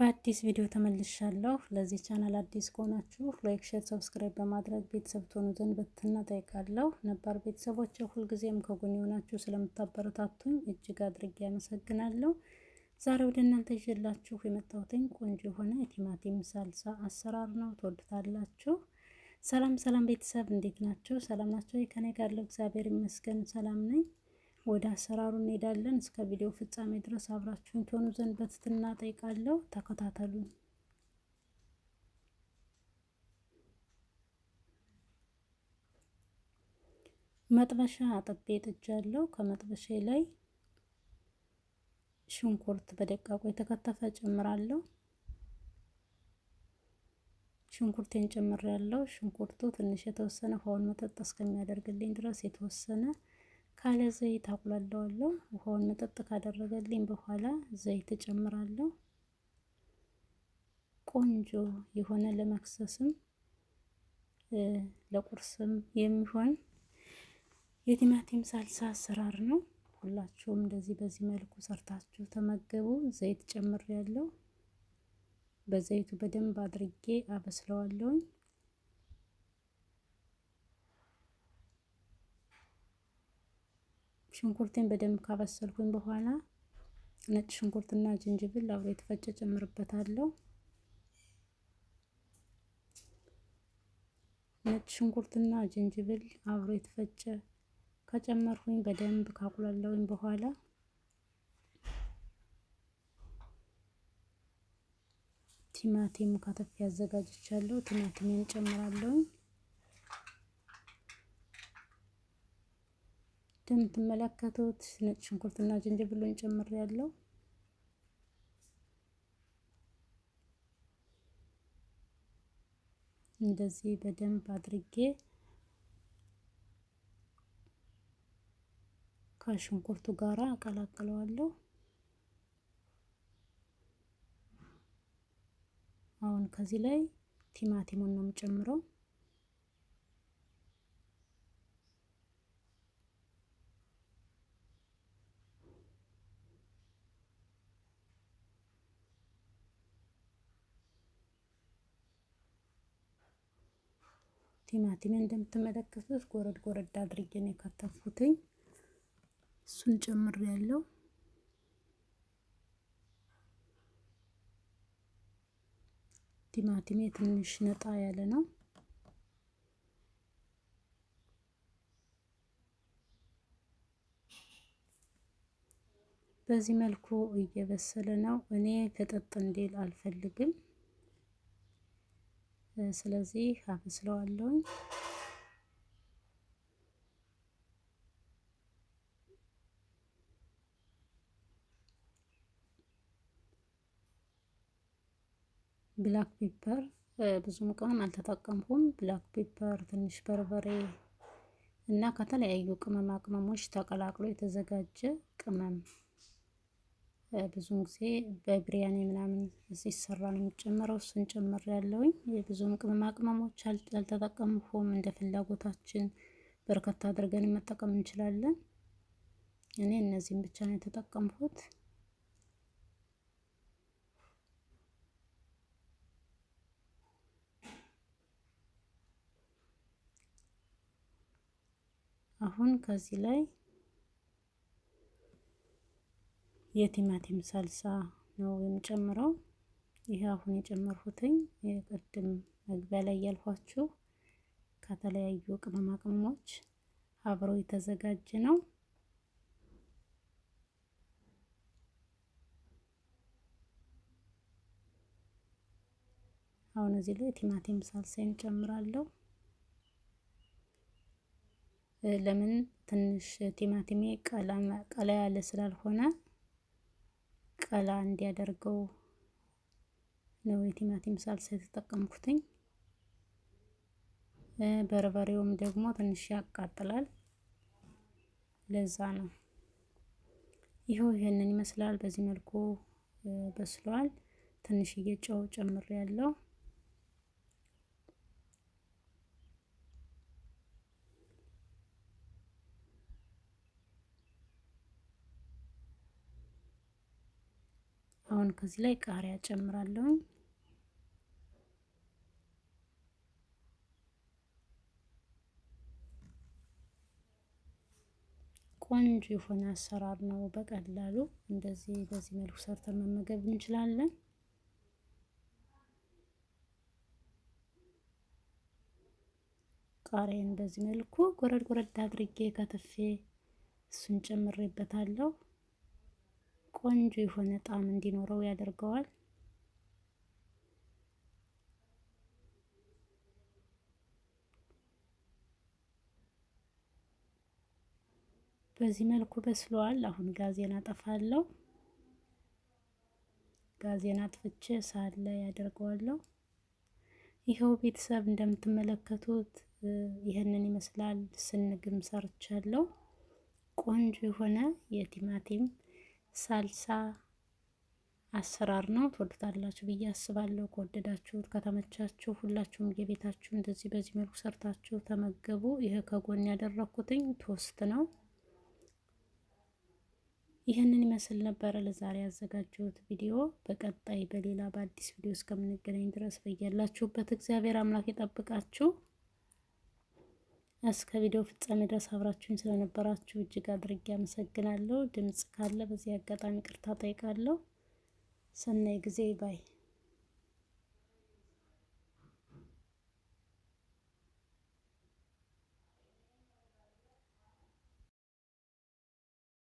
በአዲስ ቪዲዮ ተመልሻለሁ። ለዚህ ቻናል አዲስ ከሆናችሁ ላይክ፣ ሼር፣ ሰብስክራይብ በማድረግ ቤተሰብ ትሆኑ ዘንድ በትህትና እጠይቃለሁ። ነባር ቤተሰቦች ሁልጊዜም ከጎን የሆናችሁ ስለምታበረታቱኝ እጅግ አድርጌ ያመሰግናለሁ። ዛሬ ወደ እናንተ ይዤላችሁ የመጣሁትኝ ቆንጆ የሆነ የቲማቲም ሳልሳ አሰራር ነው። ትወዱታላችሁ። ሰላም ሰላም ቤተሰብ እንዴት ናቸው? ሰላም ናቸው? ከኔ ጋር እግዚአብሔር ይመስገን ሰላም ነኝ። ወደ አሰራሩ እንሄዳለን። እስከ ቪዲዮ ፍጻሜ ድረስ አብራችሁን ትሆኑ ዘንድ በትህትና ጠይቃለሁ። ተከታተሉ። መጥበሻ አጥቤ ጥጃለሁ። ከመጥበሻ ላይ ሽንኩርት በደቃቁ የተከተፈ ጨምራለሁ። ሽንኩርቴን ጨምሬያለሁ። ሽንኩርቱ ትንሽ የተወሰነ ውሃውን መጠጥ እስከሚያደርግልኝ ድረስ የተወሰነ ካለ ዘይት አቁላለዋለሁ። ውሃውን መጠጥ ካደረገልኝ በኋላ ዘይት እጨምራለሁ። ቆንጆ የሆነ ለመክሰስም ለቁርስም የሚሆን የቲማቲም ሳልሳ አሰራር ነው። ሁላችሁም እንደዚህ በዚህ መልኩ ሰርታችሁ ተመገቡ። ዘይት ጨምሬያለሁ። በዘይቱ በደንብ አድርጌ አበስለዋለሁኝ። ሽንኩርቴን በደንብ ካበሰልኩኝ በኋላ ነጭ ሽንኩርትና ዝንጅብል አብሮ የተፈጨ ጨምርበታለሁ። ነጭ ሽንኩርትና ዝንጅብል አብሮ የተፈጨ ከጨመርኩኝ በደንብ ካቁላለውኝ በኋላ ቲማቲም ካተፍ ያዘጋጅቻለሁ። ቲማቲም ጨምራለሁኝ። እንደምትመለከቱት ነጭ ሽንኩርትና ዝንጅብሉን ጨምር ያለው እንደዚህ በደንብ አድርጌ ከሽንኩርቱ ጋር አቀላቅለዋለሁ። አሁን ከዚህ ላይ ቲማቲሙን ነው የምጨምረው። ቲማቲም እንደምትመለከቱት ጎረድ ጎረድ አድርጌ ነው የከተፉትኝ። እሱን ጨምር ያለው ቲማቲሜ ትንሽ ነጣ ያለ ነው። በዚህ መልኩ እየበሰለ ነው። እኔ ፈጠጥ እንዲል አልፈልግም። ስለዚህ አበስለዋለሁኝ። ብላክ ፔፐር ብዙም ቅመም አልተጠቀምኩም። ብላክ ፔፐር፣ ትንሽ በርበሬ እና ከተለያዩ ቅመማ ቅመሞች ተቀላቅሎ የተዘጋጀ ቅመም ብዙውን ጊዜ በብሪያኔ ምናምን ሲሰራ ነው የሚጨመረው። እሱን ጨምር ያለውኝ ብዙም ቅመማ ቅመሞች አልተጠቀምኩም። እንደ ፍላጎታችን በርከት አድርገን መጠቀም እንችላለን። እኔ እነዚህም ብቻ ነው የተጠቀምኩት። አሁን ከዚህ ላይ የቲማቲም ሳልሳ ነው የምጨምረው። ይህ አሁን የጨመርኩትኝ የቅድም መግቢያ ላይ ያልኳችሁ ከተለያዩ ቅመማ ቅመሞች አብሮ የተዘጋጀ ነው። አሁን እዚህ ላይ ቲማቲም ሳልሳ ጨምራለሁ። ለምን ትንሽ ቲማቲሜ ቀላ ያለ ስላልሆነ ቀላ እንዲያደርገው ነው የቲማቲም ሳልሳ የተጠቀምኩትኝ። በርበሬውም ደግሞ ትንሽ ያቃጥላል፣ ለዛ ነው። ይኸው ይሄንን ይመስላል። በዚህ መልኩ በስሏል። ትንሽዬ ጨው ጨምር ያለው አሁን ከዚህ ላይ ቃሪያ ጨምራለሁ ቆንጆ የሆነ አሰራር ነው። በቀላሉ እንደዚህ በዚህ መልኩ ሰርተን መመገብ እንችላለን። ቃሪያን በዚህ መልኩ ጎረድ ጎረድ አድርጌ ከትፌ እሱን ጨምሬበታለሁ። ቆንጆ የሆነ ጣዕም እንዲኖረው ያደርገዋል። በዚህ መልኩ በስሏል አሁን ጋዜን አጠፋለሁ። ጋዜን አጥፍቼ ሳህን ላይ ያደርገዋለሁ። ይኸው ቤተሰብ እንደምትመለከቱት ይህንን ይመስላል። ስንግም ሰርቻለሁ። ቆንጆ የሆነ የቲማቲም ሳልሳ አሰራር ነው። ትወዱታላችሁ ብዬ አስባለሁ። ከወደዳችሁት ከተመቻችሁ ሁላችሁም የቤታችሁ እንደዚህ በዚህ መልኩ ሰርታችሁ ተመገቡ። ይህ ከጎን ያደረኩትኝ ቶስት ነው። ይህንን ይመስል ነበረ ለዛሬ ያዘጋጀሁት ቪዲዮ። በቀጣይ በሌላ በአዲስ ቪዲዮ እስከምንገናኝ ድረስ በያላችሁበት እግዚአብሔር አምላክ ይጠብቃችሁ። እስከ ቪዲዮ ፍጻሜ ድረስ አብራችሁኝ ስለነበራችሁ እጅግ አድርጌ አመሰግናለሁ። ድምጽ ካለ በዚህ አጋጣሚ ቅርታ ጠይቃለሁ። ሰናይ ጊዜ ባይ